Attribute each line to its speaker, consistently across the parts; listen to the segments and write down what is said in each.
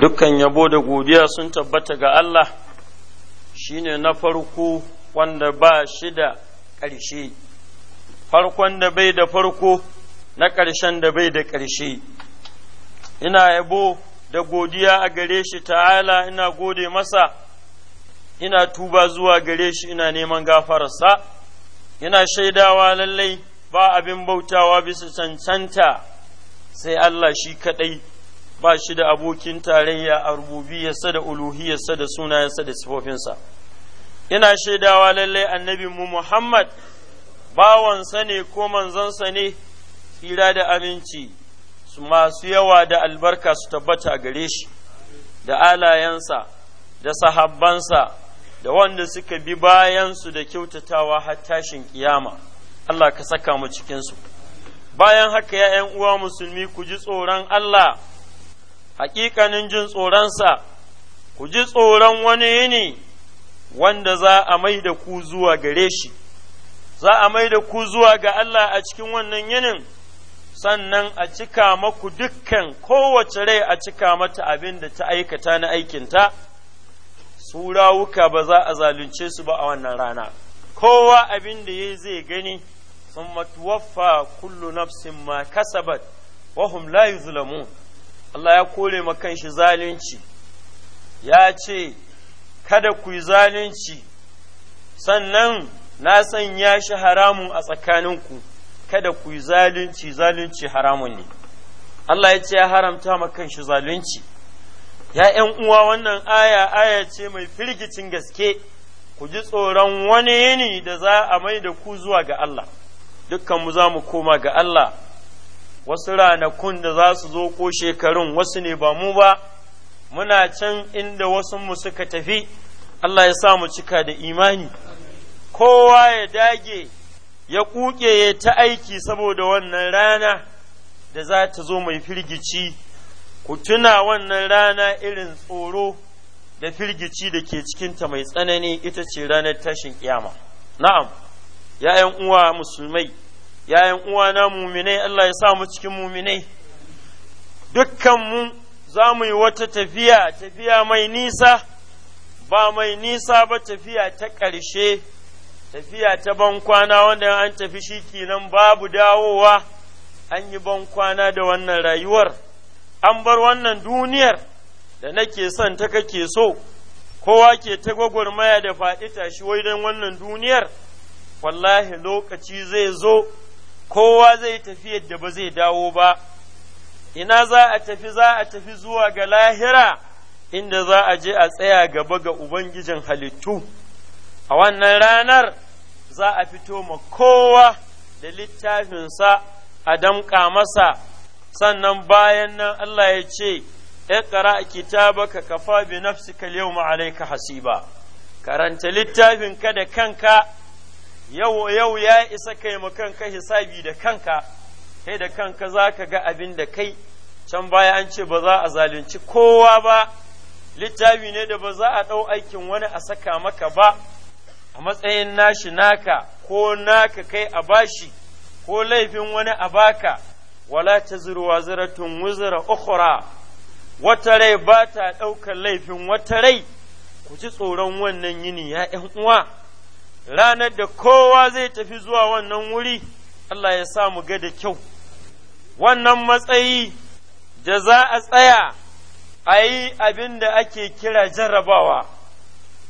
Speaker 1: dukkan yabo da godiya sun tabbata ga Allah shine na farko wanda ba shi da ƙarshe farkon da bai da farko na ƙarshen da bai da ƙarshe ina yabo da godiya a gare shi ta'ala ina gode masa ina tuba zuwa gare shi ina neman gafararsa ina shaidawa lallai ba abin bautawa bisa cancanta sai Allah shi kaɗai ba shi da abokin tarayya a rububiyarsa da uluhi uluhiyarsa da sunayensa da sifofinsa ina shaidawa lallai annabi mu Muhammad bawansa ne ko manzansa ne tsira da aminci su masu yawa da albarka su tabbata gare shi da alayensa da sahabbansa da wanda suka bi bayansu da kyautatawa har tashin kiyama Allah ka saka mu cikinsu bayan haka ya uwa musulmi ku ji tsoron Allah haƙiƙanin jin tsoronsa, ku ji tsoron wani yini wanda za a mai da ku zuwa gare shi, za a mai da ku zuwa ga Allah a cikin wannan yinin, sannan a cika maku dukkan kowace rai a cika mata abin da ta aikata na aikinta, su rawuka ba za a zalunce su ba a wannan rana, kowa abin da ya zai gani. ثم matuwaffa kullu nafsin ma كسبت وهم la yuzlamun. Allah ya kore makan shi zalunci ya ce kada ku yi zalunci sannan na sanya shi haramun a tsakaninku kada ku yi zalunci zalunci haramun ne Allah ya ce ya haramta makan shi zalunci ya ‘yan uwa wannan aya aya ce mai firgicin gaske ku ji tsoron wani yini da za a mai da ku zuwa ga Allah dukkan mu za mu koma ga Allah wasu ranakun da za su zo ko shekarun wasu ne ba mu ba muna can inda wasu mu suka tafi Allah ya sa mu cika da imani kowa ya dage ya kuke ya ta aiki saboda wannan rana da za ta zo mai firgici ku tuna wannan rana irin tsoro da firgici da ke cikinta mai tsanani ita ce ranar tashin kiyama na'am ya'yan uwa musulmai yayin uwana muminai Allah ya sa mu cikin muminai dukkan mu za mu yi wata tafiya tafiya mai nisa ba mai nisa ba tafiya ta ƙarshe tafiya ta bankwana wanda an tafi shi kenan babu dawowa an yi bankwana da wannan rayuwar an bar wannan duniyar da nake son ta kake so kowa ke ta gwagwarmaya da faɗi tashi wai don wannan duniyar wallahi lokaci zai zo kowa zai tafi yadda ba zai dawo ba ina za a tafi za a tafi zuwa ga lahira inda za a je a tsaya gaba ga ubangijin halittu a wannan ranar za a fito ma kowa da littafinsa a damƙa masa sannan bayan nan Allah ya ce iqra kitabaka kafa bi nafsika yau yawma alayka hasiba karanta littafinka da kanka yau yau ya isa kai ma ka hisabi da kanka kai da kanka za ka ga abin da kai can baya an ce ba za a zalunci kowa ba littafi ne da ba za a ɗau aikin wani a saka maka ba a matsayin nashi naka ko naka kai a bashi ko laifin wani a baka wala ta zuruwa ziratun wuzura ukhra wata rai ba ta ɗaukar laifin wata rai ku ji tsoron wannan yini ya uwa. ranar da kowa zai tafi zuwa wannan wuri Allah ya sa mu ga da kyau wannan matsayi da za a tsaya a yi abin da ake kira jarrabawa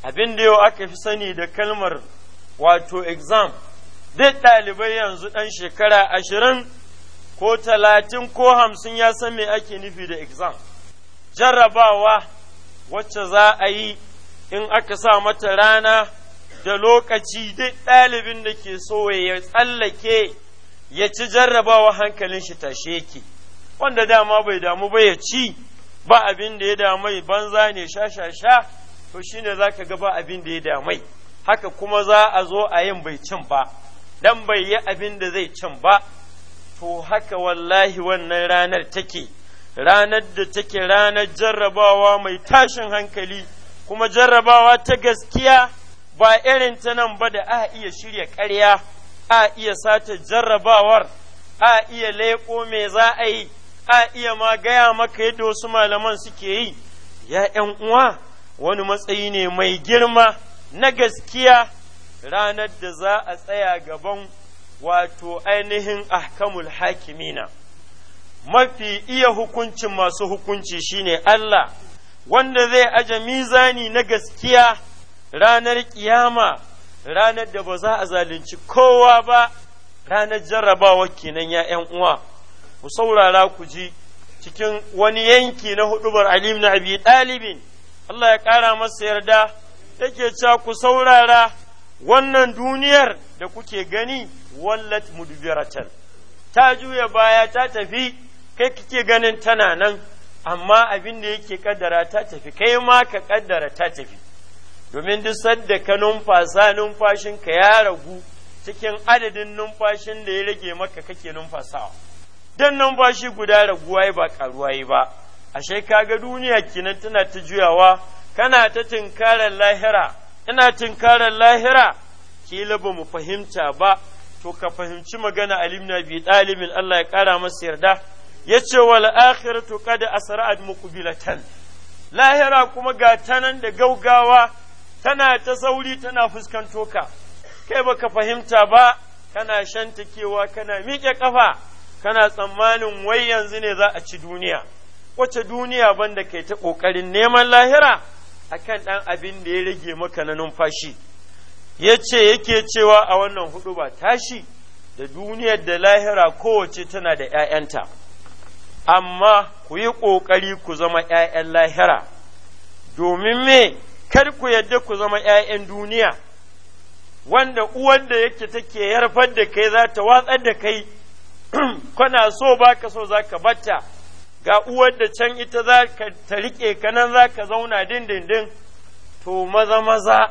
Speaker 1: abin da yau aka fi sani da kalmar wato exam duk ɗalibai yanzu ɗan shekara ashirin ko talatin ko hamsin ya san me ake nufi da exam jarrabawa wacce za a yi in aka sa mata rana da lokaci duk ɗalibin da ke so ya tsallake ya ci jarrabawa hankalin shi tashe yake wanda dama bai damu ba ya ci ba abin da ya damai banza ne sha sha sha to shine za ka ga ba abin da ya damai haka kuma za a zo a yin bai cin ba dan bai yi abin da zai cin ba to haka wallahi wannan ranar take ranar da take ranar jarrabawa mai tashin hankali kuma jarrabawa ta gaskiya ba irin ta nan ba da a iya shirya ƙarya a iya sata jarrabawar a iya leƙo me za a yi a iya ma gaya maka yadda wasu malaman suke yi ya ’yan uwa wani matsayi ne mai girma na gaskiya ranar da za a tsaya gaban wato ainihin ahkamul hakimina mafi iya hukuncin masu hukunci shine Allah wanda zai aje mizani na gaskiya ranar ƙiyama ranar da ba za a zalunci kowa ba ranar jarrabawa kenan ya ‘yan uwa ku saurara ku ji cikin wani yanki na hudubar alim na abi ɗalibin Allah ya ƙara masa yarda take cewa ku saurara wannan duniyar da kuke gani wallat mudbiratan ta juya baya ta tafi kai kike ganin tana nan amma abin da yake kaddara ta tafi kai ma ka kaddara ta tafi domin duk sadda ka numfasa numfashinka ya ragu cikin adadin numfashin da ya rage maka kake numfasawa dan numfashi guda raguwa ba karuwa ba ashe kaga duniya kinan tana ta juyawa kana ta tinkarar lahira ina tinkarar lahira kila ba mu fahimta ba to ka fahimci magana alimna bi ɗalibin Allah ya kara masa yarda ya ce wal akhiratu qad asra'at muqbilatan lahira kuma ga tanan da gaugawa tana ta sauri tana fuskanto ka kai baka fahimta ba kana shantakewa kana miƙe ƙafa kana tsammanin wai yanzu ne za a ci duniya wace duniya banda kai ta ƙoƙarin neman lahira akan ɗan abin da ya rage maka na numfashi ya ce yake cewa a wannan hudu ba tashi da duniyar da lahira kowace tana da ‘ya'yanta, amma ku yi ƙoƙari ku zama ‘ya'yan lahira, domin me kar ku yadda ku zama ‘ya'yan duniya, wanda uwar da yake take yarfar da kai za ta watsar da kai, kana so ba ka so za ka bata ga uwar da can ita za ka ta riƙe ka nan za ka zauna dindindin, to maza maza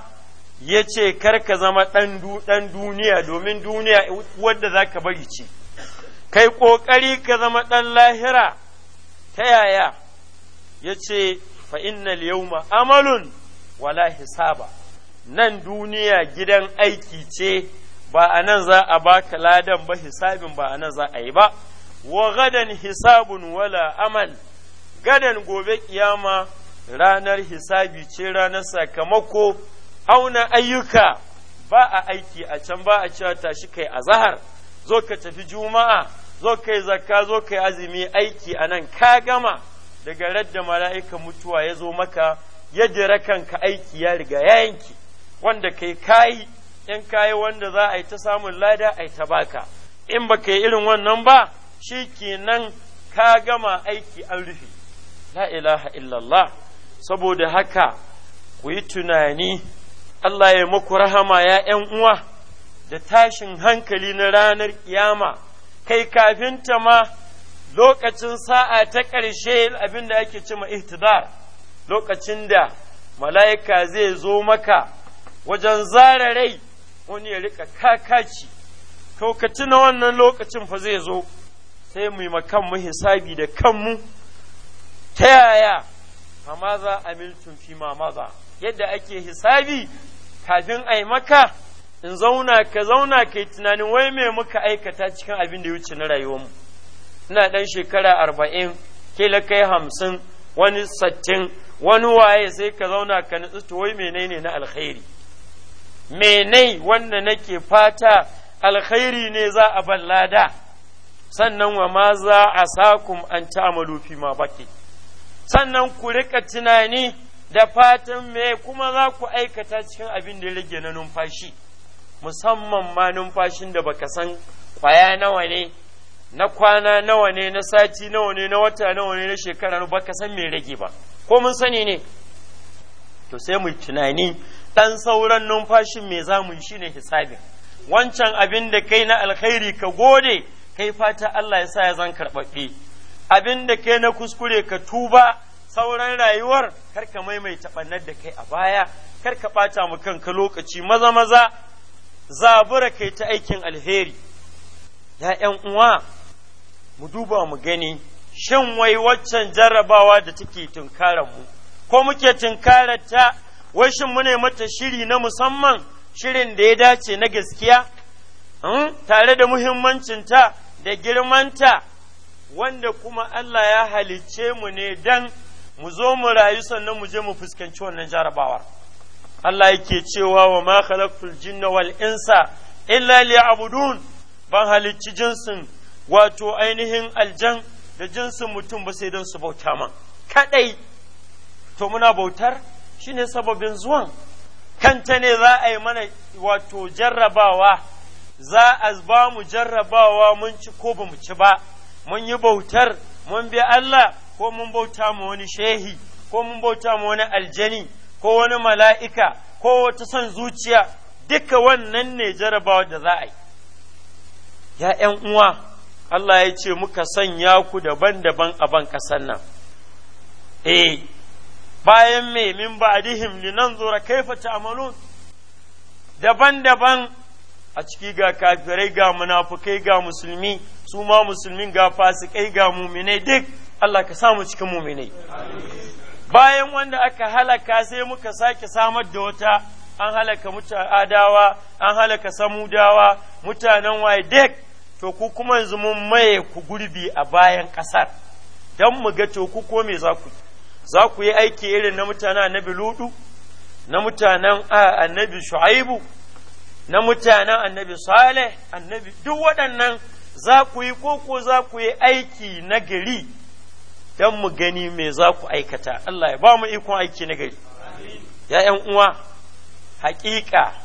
Speaker 1: ya ce kar ka zama ɗan duniya domin duniya uwar da za ka bari ce, kai ƙoƙari ka zama ɗan lahira ta yaya, ya ce fa'in amalun. wala hisaba nan duniya gidan aiki ce ba a nan za a baka ladan ba hisabin ba a nan za a yi ba wa gadan hisabun wala amal gadan gobe kiyama ranar hisabi ce ranar sakamako auna ayyuka ba a aiki a can ba a cewa tashi kai a zahar zo ka tafi juma'a zo kai zakka zo kai azumi aiki a nan ka gama daga radda mala'ika mutuwa ya zo maka ya rakan ka aiki ya riga ya yanki wanda kai kayi in kayi wanda za a yi ta samun lada a yi ta baka in ba ka yi irin wannan ba shi kenan ka gama aiki an rufe la ilaha illallah saboda haka ku yi tunani Allah ya muku rahama ya ‘yan uwa da tashin hankali na ranar kiyama kai kafinta ma lokacin sa'a ta ƙarshe abin da ake cima ihtidar. lokacin da mala'ika zai zo maka wajen zara rai wani ya rika kakaci kaukaci na wannan lokacin fa zai zo sai mu yi kanmu hisabi da kanmu ta yaya a maza amiltun fi ma maza yadda ake hisabi kafin ai maka in zauna ka zauna ka yi tunanin wai mai muka aikata cikin abin da ya wuce na rayuwarmu ina ɗan shekara arba'in kila kai hamsin wani sattin wani waye sai ka zauna ka nutsu to wai menene na alkhairi menai wanda nake fata alkhairi ne za a ballada sannan wa ma za a sakum an ta'amalu fi ma baki sannan ku rika tunani da fatan me kuma za ku aikata cikin abin da ya rage na numfashi musamman ma numfashin da baka san kwaya nawa ne na kwana nawa ne na sati nawa ne na wata nawa ne na shekara ba ka san me rage ba ko mun sani ne to sai mu tunani dan sauran numfashin me za mu yi shine hisabin wancan abin da kai na alkhairi ka gode kai fata Allah ya sa ya zan karɓaɓɓe abin da kai na kuskure ka tuba sauran rayuwar kar ka maimaita ɓannar da kai a baya kar ka ɓata mu kanka lokaci maza maza zabura kai ta aikin alheri ya ’yan uwa mu duba mu gani shin wai waccan jarrabawa da take tunkarar mu ko muke tunkarar ta wai shin mu mata shiri na musamman shirin da ya dace na gaskiya hmm? tare da muhimmancin ta da girmanta wanda kuma Allah ya halicce mu ne dan mu zo mu rayu sannan mu je mu fuskanci wannan jarabawar Allah yake cewa wa ma khalaqtul jinna wal insa illa liya'budun ban halicci jinsin wato ainihin aljan da jinsin mutum ba sai don su bauta man kadai to muna bautar shine sababin zuwan kanta ne za a yi mana wato jarrabawa za a ba mu jarrabawa mun ci ko ba mu ci ba mun yi bautar mun bi Allah ko mun bauta ma wani shehi ko mun bauta ma wani aljani ko wani mala'ika ko wata son zuciya duka wannan ne jarrabawa da za a yi ya ’yan uwa Allah ya ce muka sanya ku daban-daban a ban ƙasan nan eh bayan me min ba'dihim linanzura kaifa ta'malun daban-daban a ciki ga kafirai ga munafukai ga musulmi su ma musulmin ga fasikai ga muminai duk Allah ka samu cikin muminai bayan wanda aka halaka sai muka sake samar da wata an halaka adawa an halaka samudawa mutanen waye duk to ku kuma yanzu mun maye ku gurbi a bayan ƙasar don mu ga to ku ko me za ku za ku yi aiki irin na mutanen annabi ludu na mutanen annabi shu'aibu na mutanen annabi saleh annabi duk waɗannan za ku yi ko za ku yi aiki na gari don mu gani me za ku aikata Allah ya ba mu ikon aiki na gari ya uwa haƙiƙa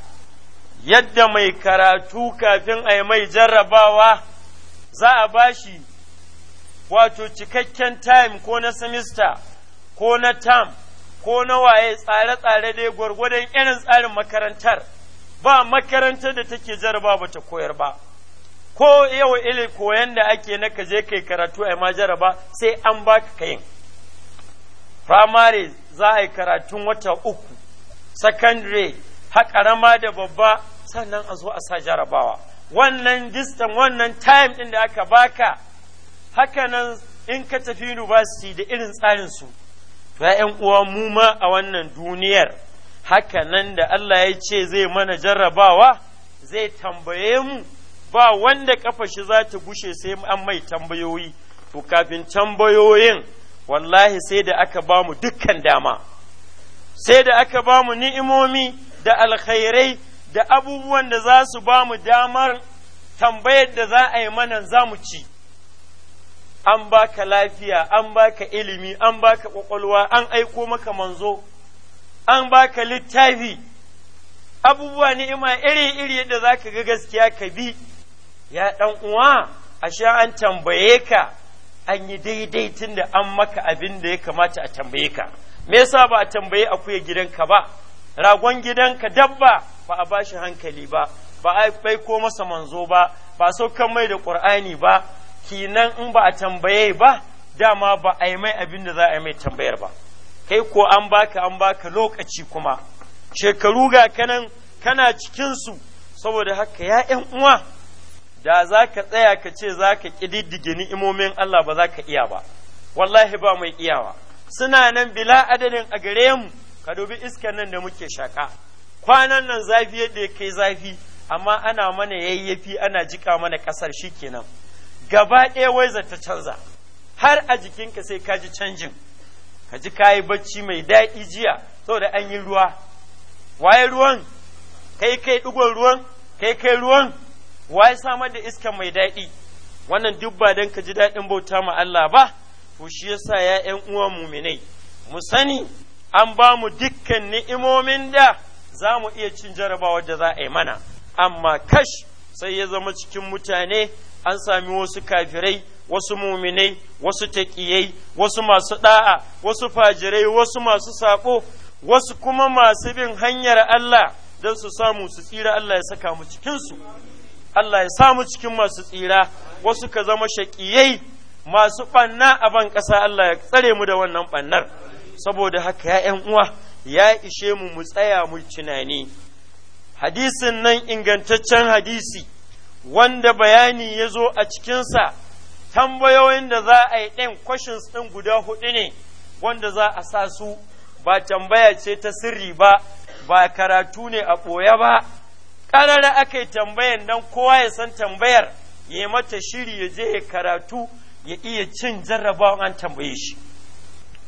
Speaker 1: yadda mai karatu kafin a yi mai jarrabawa za a ba shi wato cikakken time ko na semester ko na tam ko na waye tsare-tsare dai gwargwadon irin tsarin makarantar ba makarantar da take jarraba ba ta koyar ba ko yau ili koyan da ake na kaje kai karatu a yi ma jaraba sai an ba ka kayin primary za a yi karatun wata uku secondary haƙarama da babba sannan a zo a sa jarabawa wannan distance wannan time ɗin da aka baka haka nan in ka tafi university da irin tsarinsu to ‘yan uwa mu ma a wannan duniyar haka nan da Allah ya ce zai mana jarrabawa zai tambaye mu ba wanda kafa shi za ta gushe sai an mai tambayoyi to kafin tambayoyin wallahi sai da aka ba mu dukkan dama sai da aka ba mu ni'imomi da alkhairai da abubuwan da za su ba mu damar tambayar da za a yi mana zamu ci an baka lafiya an baka ilimi an baka kwakwalwa an aiko maka manzo an baka littafi abubuwa ima iri-iri yadda za ka ga gaskiya ka bi ya ɗan uwa ashe an tambaye ka an yi daidai tun da an maka abin da ya kamata a tambaye ka me yasa ba a tambaye akuya gidanka ba ragon gidanka dabba ba a bashi hankali ba ba a baiko masa manzo ba ba saukan mai da ƙur'ani ba kinan in ba a tambaye ba dama ba a yi mai abin da za a yi mai tambayar ba kai ko an baka an baka lokaci kuma shekaru ga kanan kana cikin su saboda haka ya ‘yan uwa da za ka tsaya ka ce za ka ƙididdige ni'imomin Allah ba za ka iya ba wallahi ba mai iyawa suna nan bila adadin a gare mu ka dubi iskan nan da muke shaka kwanan nan zafi yadda kai zafi amma ana mana yayyafi ana jika mana kasar kenan gaba ɗaya wai ta canza har a jikinka sai ka ji canjin ka ji kayi bacci mai daɗi jiya saboda an yi ruwa waye ruwan kai kai ɗigon ruwan kai kai ruwan waye samar da iska mai daɗi wannan duk ba don ka ji daɗin bauta ma Allah ba to shi yasa ya ƴan uwan muminai mu sani an ba mu dukkan ni'imomin da za mu iya cin jarabawar da za a yi mana, amma kash sai ya zama cikin mutane an sami wasu kafirai, wasu muminai, wasu taƙiyai, wasu masu ɗa'a, wasu fajirai, wasu masu saƙo, wasu kuma masu bin hanyar Allah don su samu su tsira Allah ya saka mu cikinsu. Allah ya samu cikin masu tsira, wasu ka zama shaƙiyai masu ɓanna a ban ƙasa Allah ya tsare mu da wannan ɓannar. saboda haka ya 'yan uwa ya ishe mu mu tsaya mu tunani hadisin nan ingantaccen hadisi wanda bayani ya zo a cikinsa tambayoyin da za a yi ɗan questions ɗin guda huɗu ne wanda za a sa su ba tambaya ce ta sirri ba ba karatu ne a ɓoya ba ƙarara aka yi tambayan don kowa ya san tambayar ya yi mata shiri ya je ya karatu ya iya cin jarrabawa an tambaye shi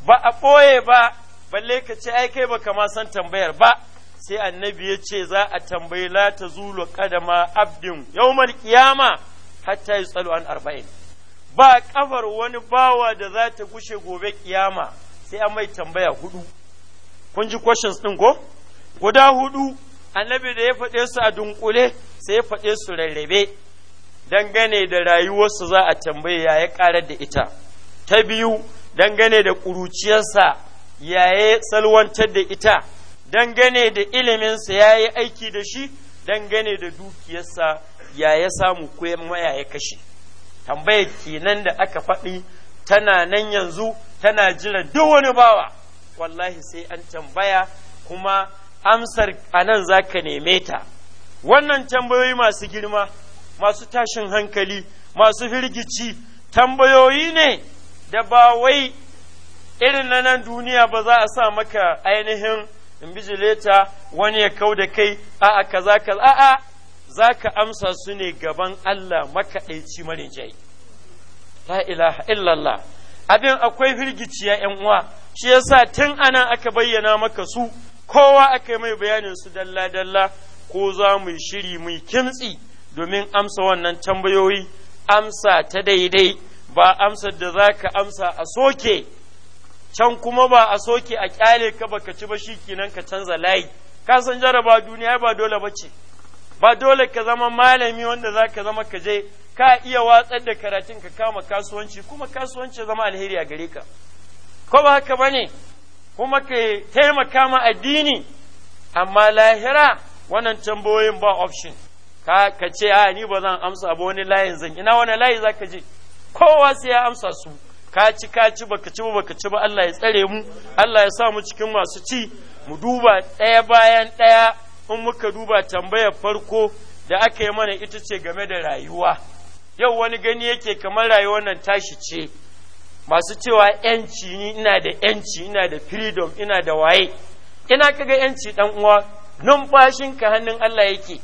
Speaker 1: ba a ɓoye ba balle ka ce ai kai baka ma san tambayar ba sai annabi ya ce za a tambayi la ta zulu kadama abdin yawmal ƙiyama hatta tsalo an arba'in ba kafar wani bawa da za ta gushe gobe ƙiyama sai an mai tambaya hudu kun ji questions din ko guda hudu annabi da ya faɗe su a dunkule sai ya faɗe su rarrabe dangane da rayuwarsu za a tambaye ya ya ƙarar da ita ta biyu dangane da ƙuruciyarsa yaye salwantar da ita dangane da iliminsa ya yi aiki da shi dangane da dukiyarsa ya samu koyan ya ya kashe tambayar kenan da aka faɗi tana nan yanzu tana jira duk wani bawa wallahi sai an tambaya kuma amsar a nan za ka neme ta wannan tambayoyi masu girma masu tashin hankali masu firgici tambayoyi ne da ba wai irin na nan duniya ba za a sa maka ainihin invigilata wani ya kau da kai a'a kaza kaza a'a za ka amsa su ne gaban Allah makaɗaici marinjai la ilaha illallah abin akwai firgiciya ‘yan uwa shi yasa tun anan aka bayyana maka su kowa aka yi mai bayanin su dalla-dalla ko za mu shiri mu kintsi domin amsa wannan tambayoyi amsa ta daidai ba amsar da za ka amsa a soke can kuma ba a soke a kyale ka baka ci ba shi kenan ka canza layi ka san jaraba duniya ba dole ba ce ba dole ka zama malami wanda za ka zama ka je ka iya watsar da karatun ka kama kasuwanci kuma kasuwanci zama alheri a gare ka ko ba haka ba ne kuma ka taimaka ma addini amma lahira wannan tambayoyin ba option ka ce a ni ba zan amsa ba wani layin zan ina wani layi za ka je kowa sai ya amsa su ka ci ka ci baka ci baka ci ba Allah ya tsare mu Allah ya sa mu cikin masu ci mu duba ɗaya bayan ɗaya in muka duba tambayar farko da aka yi mana ita ce game da rayuwa yau wani gani yake kamar rayuwar nan tashi ce masu cewa yanci ni ina da yanci ina da freedom ina da waye ina kaga yanci dan uwa numfashin ka hannun Allah yake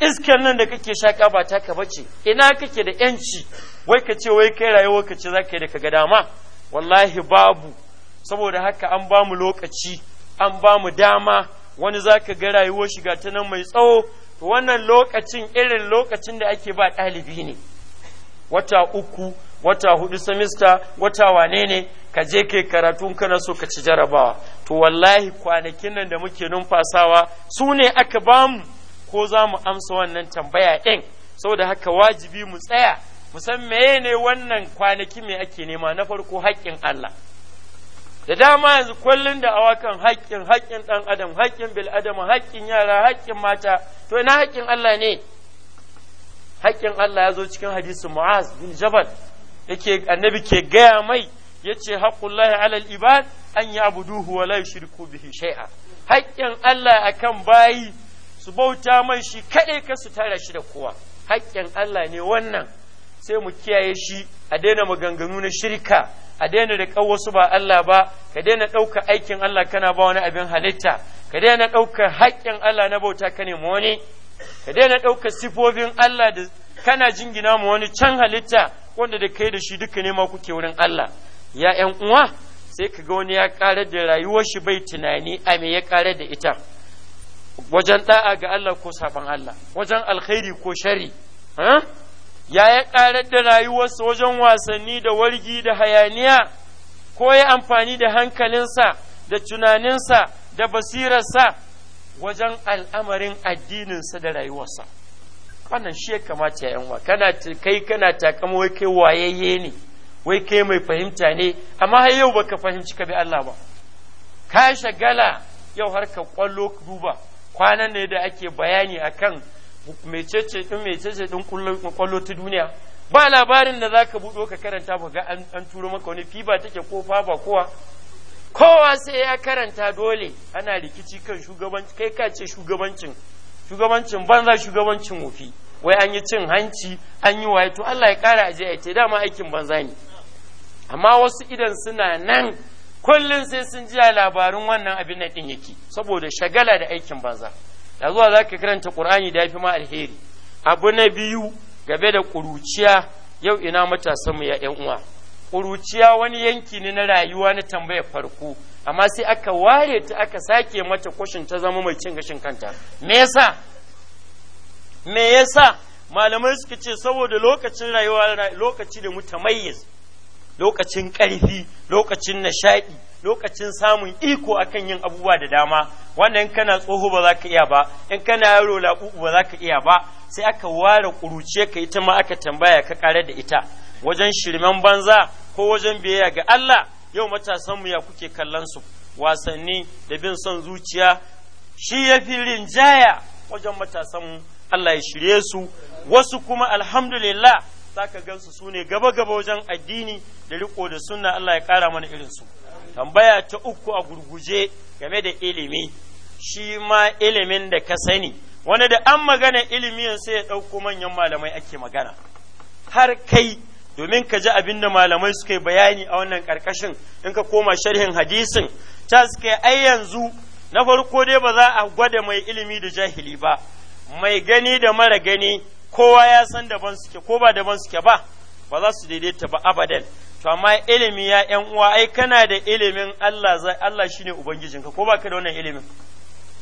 Speaker 1: iskar nan da kake shaka ba taka bace ina kake da yanci wai ka ce wai kai rayuwar ka ce za ka yi da ka dama wallahi babu saboda haka an ba mu lokaci an ba mu dama wani za ka ga rayuwar shiga ta nan mai tsawo to wannan lokacin irin lokacin da ake ba ɗalibi ne wata uku wata hudu semesta wata wane ne ka je kai karatu kana so ka ci jarabawa to wallahi kwanakin nan da muke numfasawa su ne aka bamu ko za mu amsa wannan tambaya ɗin saboda haka wajibi mu tsaya musan meye ne wannan kwanaki mai ake nema na farko haƙƙin Allah da dama yanzu kullum da awakan haƙƙin haƙƙin ɗan adam haƙƙin bil adam haƙƙin yara haƙƙin mata to ina haƙƙin Allah ne haƙƙin Allah ya zo cikin hadisi Mu'az bin Jabal yake annabi ke gaya mai yace haqqullahi alal ibad an ya'buduhu wa la yushriku bihi shay'a haƙƙin Allah akan bayi su bauta mai shi kaɗai ka su tara shi da kowa haƙƙin Allah ne wannan sai mu kiyaye shi a daina maganganu na shirka a daina da kawo wasu ba Allah ba ka daina ɗauka aikin Allah kana ba wani abin halitta ka daina ɗauka haƙƙin Allah na bauta ka mu wani ka daina ɗauka sifofin Allah da kana jingina mu wani can halitta wanda da kai da shi duka nema kuke wurin Allah ya ƴan uwa sai ka ga wani ya ƙarar da rayuwar shi bai tunani a me ya ƙarar da ita wajen da'a ga Allah ko saban Allah wajen alkhairi ko shari ha hm? ya yi ƙarar da rayuwarsa wajen wasanni da wargi da hayaniya ko ya amfani da hankalinsa da tunaninsa da basirarsa wajen al'amarin addininsa da rayuwarsa wannan shi ya kamata ya yanwa kana kai kana takama wai kai wayayye ne wai kai mai fahimta ne amma har yau baka fahimci ka bi Allah ba ka shagala yau har ka kwallo duba kwanan ne da ake bayani akan mecece din mecece din kwallo ta duniya ba labarin da zaka buɗo ka karanta ba ga an turo maka wani fiba take ko ba kowa kowa sai ya karanta dole ana rikici kan shugabanci kai ka ce shugabancin shugabancin banza shugabancin wofi wai an yi cin hanci an yi waye to Allah ya kara aje a ce dama aikin banza ne amma wasu idan suna nan kullum sai sun ji labarin wannan abin nan din yake saboda shagala da aikin banza da zuwa za ka karanta ƙur'ani da ya fi ma alheri abu na biyu gabe da ƙuruciya yau ina matasanmu ya ‘yan uwa ƙuruciya wani yanki ne na rayuwa na tambayar farko amma sai aka ware ta aka sake mata kwashin ta zama mai cin gashin kanta me yasa me yasa malamai suka ce saboda lokacin rayuwa lokaci da mutamayyiz lokacin ƙarfi lokacin nishaɗi lokacin samun iko akan yin abubuwa da dama wannan kana tsoho ba za ka iya ba in kana yaro laɓuɓu ba za ka iya ba sai aka ware ƙuruce ka ita ma aka tambaya ka ƙare da ita wajen shirmen banza ko wajen biyayya ga Allah yau matasanmu ya kuke kallon su wasanni da bin son zuciya shi ya fi rinjaya wajen matasanmu Allah ya shirye su wasu kuma alhamdulillah za ka gansu su ne gaba-gaba wajen addini da riko da sunna Allah ya kara mana irinsu tambaya ta uku a gurguje game da ilimi shi ma ilimin da ka sani wani da an magana ilimi sai ya ɗauko manyan malamai ake magana har kai domin ka ji abin da malamai suka yi bayani a wannan ƙarƙashin in ka koma sharhin hadisin ta suka yi ai yanzu na farko dai ba za a gwada mai ilimi da jahili ba mai gani da mara gani kowa ya san daban suke ko ba daban suke ba ba za su daidaita ba abadan to amma ilimi ya yan uwa ai kana da ilimin Allah zai Allah shine ubangijinka ko baka da wannan ilimin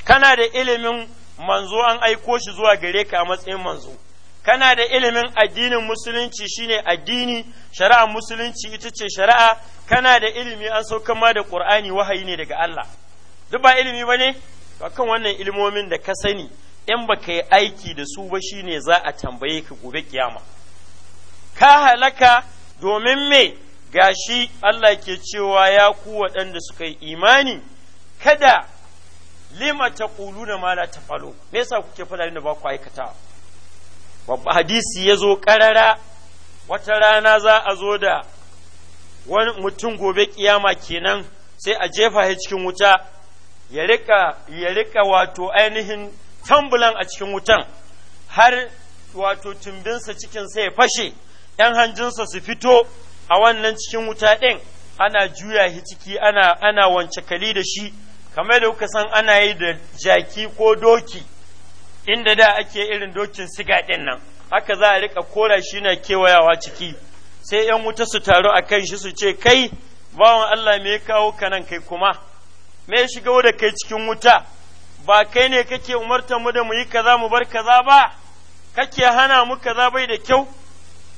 Speaker 1: kana da ilimin manzo an aiko shi zuwa gare ka a matsayin manzo kana da ilimin addinin musulunci shine addini shari'a musulunci ita ce shari'a kana da ilimi an saukama ma da qur'ani wahayi ne daga Allah duk ba ilimi bane kan wannan ilimomin da ka sani in baka yi aiki da su ba shine za a tambaye ka gobe kiyama ka halaka domin me gashi Allah ke cewa ya ku waɗanda suka yi imani kada lima ta ƙulu da ta falo me yasa kuke faɗa da ba ku aikata babba hadisi ya zo ƙarara wata rana za a zo da wani mutum gobe kiyama kenan sai a jefa shi cikin wuta ya rika wato ainihin tambulan a cikin wutan har wato tumbinsa cikinsa ya fashe ‘yan hanjinsa su fito a wannan cikin wuta ɗin ana juya shi ciki ana ana wance kali da shi kamar da kuka san ana yi da jaki ko doki inda da ake irin dokin siga ɗin nan haka za a riƙa kora shi na kewayawa ciki sai ‘yan wuta su taru a kan shi su ce kai bawan Allah me ya kawo ka nan kai kuma me ya shiga da kai cikin wuta ba kai ne kake umartar mu da mu yi kaza mu bar kaza ba kake hana mu kaza bai da kyau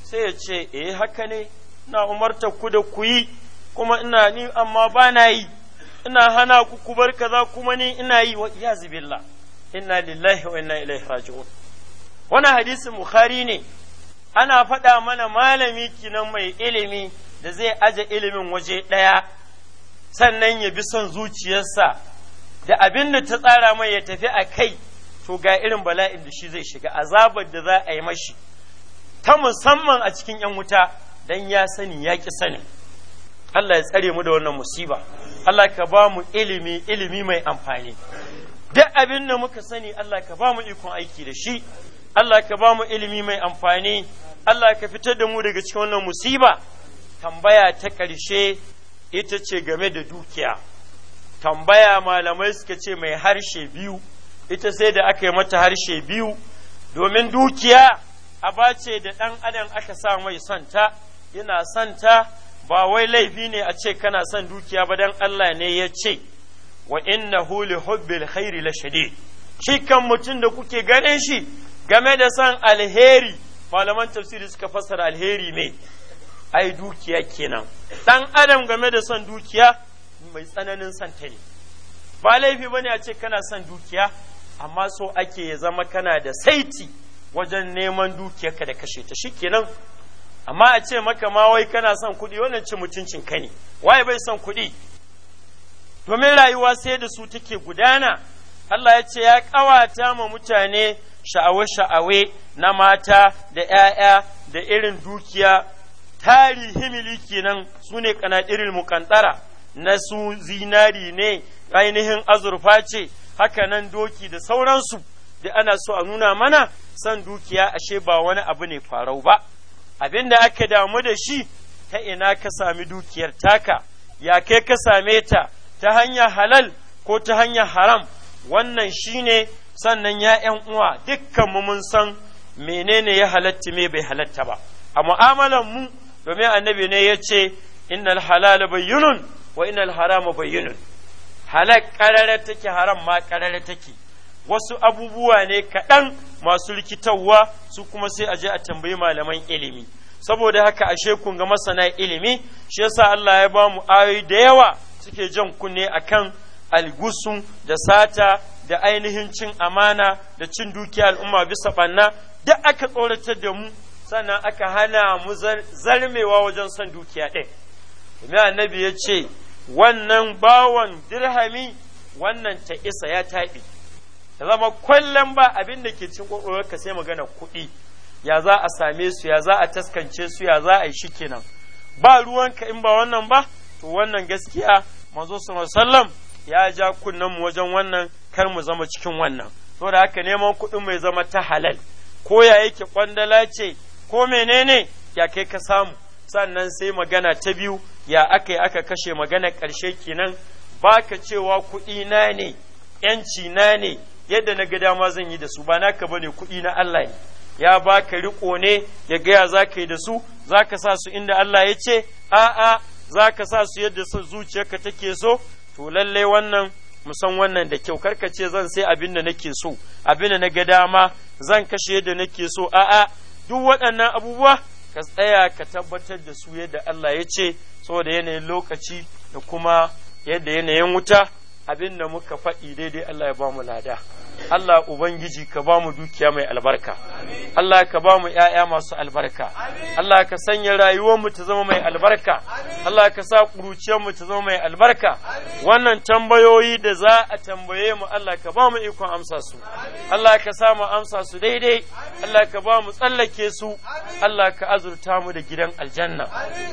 Speaker 1: sai ya ce eh haka ne ina umartar ku da ku yi kuma ina ni amma ba na yi ina hana ku ku bar kaza kuma ni ina yi wa iyazu billah inna lillahi wa inna ilaihi raji'un wannan hadisi bukhari ne ana faɗa mana malami kinan mai ilimi da zai aje ilimin waje ɗaya sannan ya bi son zuciyarsa da abin da ta tsara mai ya tafi a kai to ga irin bala'in da shi zai shiga azabar da za a yi mashi ta musamman a cikin ‘yan wuta dan ya sani ya ƙi sani Allah ya tsare mu da wannan musiba Allah ka ba mu ilimi ilimi mai amfani duk abin da muka sani Allah ka ba mu ikon aiki da shi Allah ka ba mu ilimi mai amfani Allah ka fitar da mu daga cikin wannan musiba tambaya ta ƙarshe ita ce game da dukiya tambaya malamai suka ce mai harshe biyu ita sai da aka yi mata harshe biyu domin dukiya a bace da ɗan adam aka sa mai santa yana santa ba wai laifi ne a ce kana son dukiya ba dan Allah ne ya ce wa inna huli hubbil khairi la shadid shi kan mutum da kuke ganin shi game da son alheri malaman tafsiri suka fassara alheri ne ai dukiya kenan dan adam game da son dukiya mai tsananin santa ne ba laifi bane a ce kana son dukiya amma so ake ya zama kana da saiti wajen neman dukiya ka da kashe ta shi shikenan amma a ce maka ma wai kana son kuɗi wannan ci mutuncin ka ne waye bai son kuɗi domin rayuwa sai da su take gudana Allah ya ce ya ƙawata ma mutane sha'awe-sha'awe na mata da ‘ya'ya da irin dukiya tarihi miliki nan su ne irin mukantara na su zinari ne ainihin azurfa ce haka nan doki da sauransu da ana so a nuna mana san dukiya ashe ba wani abu ne farau ba abin da aka damu da shi ta ina ka sami dukiyar taka ya kai ka same ta ta hanyar halal ko ta hanyar haram wannan shine sannan ya ‘yan uwa dukkanmu mun san menene ya halatta me bai halatta ba a mu'amalan mu domin annabi ne ya ce innal halal bayyunun wa innal harama bayyinun halak karare take haram ma karare take wasu abubuwa ne kaɗan masu rikitarwa su kuma sai a je a tambayi malaman ilimi saboda haka ashe kun ga masana ilimi shi yasa Allah ya ba mu ayoyi da yawa suke jan kunne akan algusun da sata da ainihin cin amana da cin dukiya al'umma bisa banna da aka tsoratar da mu sannan aka hana mu zarmewa wajen son dukiya ɗin. Kuma annabi ya ce, wannan bawan dirhami wannan ta isa ya taɓi ta zama kwallon ba abin da ke cin ka sai magana kuɗi ya za a same su ya za a taskance su ya za a yi shi kenan ba ruwanka in ba wannan ba to wannan gaskiya manzo sallam ya ja kunnen mu wajen wannan kar mu zama cikin wannan saboda haka neman kuɗin mai zama ta halal ko ya yake kwandala ce ko menene ya kai ka samu sannan sai magana ta biyu ya aka yi aka kashe magana ƙarshe kenan ba ka cewa kuɗi na ne ‘yanci na ne yadda na ga dama zan yi da su ba naka bane kuɗi na Allah ne ya ba ka riƙo ne ya gaya za ka yi da su za ka sa su inda Allah ya ce a'a za ka sa su yadda son zuciyarka take so to lallai wannan musan wannan da kyau karka ce zan sai abin da nake so abin da na ga dama zan kashe yadda nake so a'a duk waɗannan abubuwa ka tsaya ka tabbatar da su yadda Allah ya ce saboda yanayin lokaci da kuma yadda yanayin wuta abin da muka faɗi daidai Allah ya ba mu lada Allah ubangiji ka ba mu dukiya mai albarka Allah ka ba mu ‘ya'ya masu albarka Allah ka sanya rayuwarmu ta zama mai albarka Allah ka sa ƙuruciyarmu ta zama mai albarka wannan tambayoyi da za a tambaye mu Allah ka ba mu ikon amsa su Allah ka sa mu amsa su daidai Allah ka ba mu tsallake su Allah ka azurta mu da gidan aljanna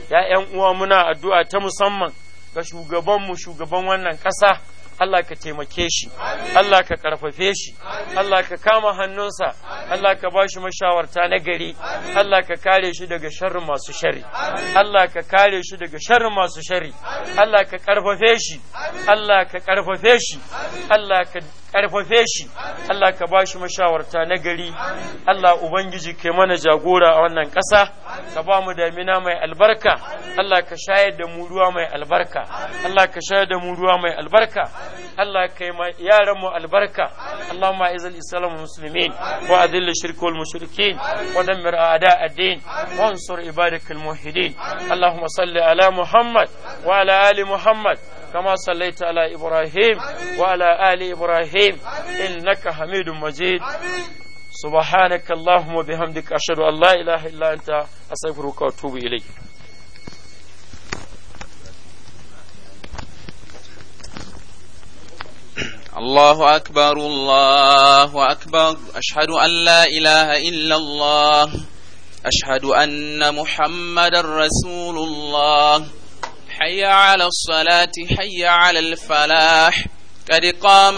Speaker 1: ‘ya'yan uwa muna addu'a ta musamman ga shugabanmu shugaban wannan ƙasa Allah ka taimake shi Allah ka ƙarfafe shi Allah ka kama hannunsa Allah ka ba shi mashawarta na gari Allah ka kare shi daga sharrin masu shari Allah ka kare shi daga sharrin masu shari Allah ka ƙarfafe shi Allah ka karfafe shi Allah ka ƙarfafe shi Allah ka ba shi mashawarta na gari Allah Ubangiji ke mana jagora a wannan ƙasa ka ba mu damina mai albarka Allah ka shayar da mu ruwa mai albarka Allah ka shayar da mu ruwa mai albarka Allah ka yi yaran mu albarka Allahumma izal islam muslimin wa adilla shirk wal mushrikin wa dammir a'da ad-din wa ansur ibadak al muwahhidin Allahumma salli ala Muhammad wa ala ali Muhammad كما صليت على إبراهيم وعلى آل إبراهيم إنك حميد مجيد سبحانك اللهم وبحمدك أشهد أن لا إله إلا أنت أستغفرك وأتوب إليك الله أكبر الله أكبر أشهد أن لا إله إلا الله أشهد أن محمد رسول الله حي على الصلاة حي على الفلاح قد قام